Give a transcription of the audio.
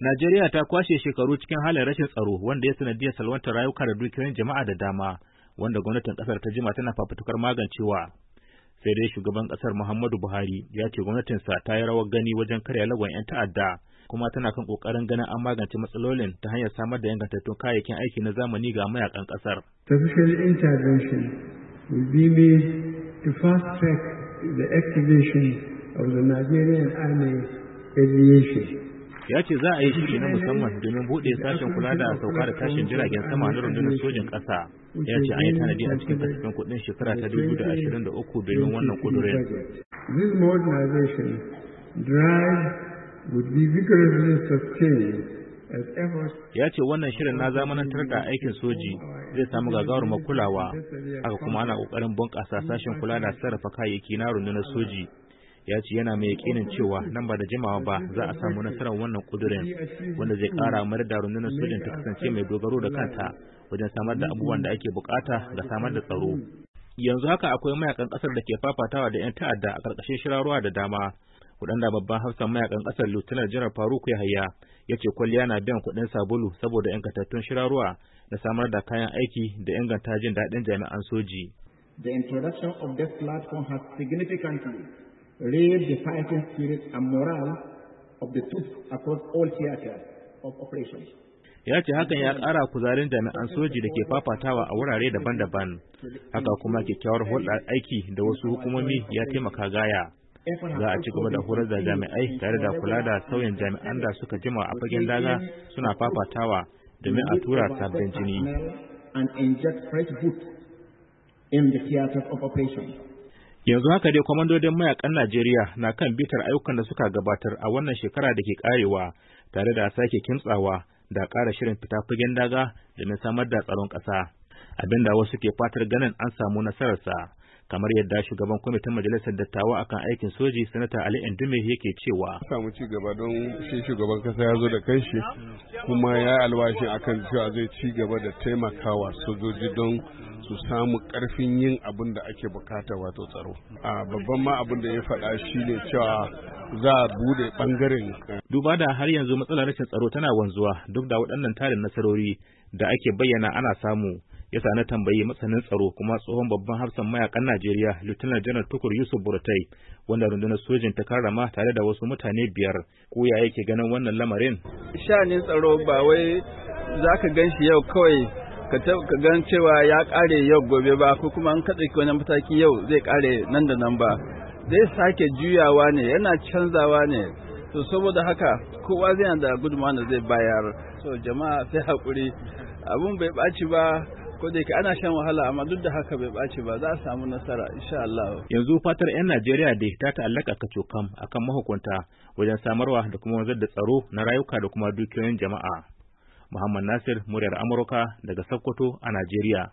Najeriya ta kwashe shekaru cikin halin rashin tsaro wanda ya sanadiyar salwantar rayuka da dukiyoyin jama'a da dama wanda gwamnatin kasar ta jima tana fafutukar magancewa. Sai dai shugaban kasar Muhammadu Buhari ya ce gwamnatinsa ta yi rawar gani wajen karya lagon 'yan ta'adda kuma tana kan kokarin ganin an magance matsalolin ta hanyar samar da ingantattun kayayyakin aiki na zamani ga mayakan kasar. Sufficient intervention will be made to fast track the activation of the Nigerian army aviation. ya ce za a yi shiri na musamman domin buɗe sashen kula da sauka da tashin jiragen sama na rundunar sojin ƙasa ya ce an yi tanadi a cikin kasafin kuɗin shekara ta 2023 domin wannan ƙudurin. This modernization drive would be vigorously sustained ya ce wannan shirin na zamanantar da aikin soji zai samu gagawar makulawa. haka kuma ana kokarin bunƙasa sashen kula da sarrafa kayayyaki na rundunar soji ya ce yana mai yakinin cewa nan ba da jimawa ba za a samu nasarar wannan kudurin wanda zai kara mayar da rundunar sojin ta kasance mai dogaro da kanta wajen samar da abubuwan da ake bukata ga samar da tsaro yanzu haka akwai mayakan kasar da ke fafatawa da yan ta'adda a karkashin shirarwa da dama waɗanda babban hafsan mayakan kasar lieutenant general faruk yahaya ya ce kwalliya na biyan kuɗin sabulu saboda ingantattun shirarwa na samar da kayan aiki da inganta jin daɗin jami'an soji The introduction of this platform has significantly raise the fighting spirit and morale of the troops across all theaters of operations. Ya ce hakan ya ƙara kuzarin jami'an soji da ke fafatawa a wurare daban-daban, haka kuma kyakkyawar hulɗar aiki da wasu hukumomi ya taimaka gaya. Za a ci gaba da horar da jami'ai tare da kula da sauyin jami'an da suka jima a fagen daga suna fafatawa domin a tura sabbin jini. Yanzu haka dai kwamandodin mayakan Najeriya na kan bitar ayyukan da suka gabatar a wannan shekara da ke karewa tare da sake kintsawa da ƙara shirin fita fagen daga da na samar da tsaron ƙasa. Abinda wasu ke fatar ganin an samu nasararsa. kamar yadda shugaban kwamitin majalisar dattawa akan aikin soji sanata ali endume yake cewa samu ci gaba don shi shugaban kasa ya zo da kanshi kuma ya alwashin akan cewa zai ci gaba da taimakawa sojoji don su samu karfin yin abin da ake bukata wato tsaro a babban ma abin da ya faɗa shine cewa za a bude bangaren duba da har yanzu matsalar rashin tsaro tana wanzuwa duk da waɗannan tarin nasarori da ake bayyana ana samu yasa na tambayi masanin tsaro kuma tsohon babban hafsan mayakan Najeriya Lieutenant General Tukur Yusuf Burtai wanda rundunar sojin ta karrama tare da wasu mutane biyar ko ya yake ganin wannan lamarin shanin tsaro ba wai zaka ganshi yau kawai ka gan cewa ya kare yau gobe ba ko kuma an katse wani mataki yau zai kare nan da nan ba zai sake juyawa ne yana canzawa ne to saboda haka kowa zai da gudunmawa da zai bayar so jama'a sai hakuri abun bai ɓaci ba ko da yake ana shan wahala amma duk da haka bai ɓaci ba za a samu nasara insha Allah yanzu fatar yan Najeriya da ta ta'allaka kacokam akan mahukunta wajen samarwa da kuma wanzar da tsaro na rayuka da kuma dukiyoyin jama'a Muhammad Nasir muryar Amurka daga Sokoto a Najeriya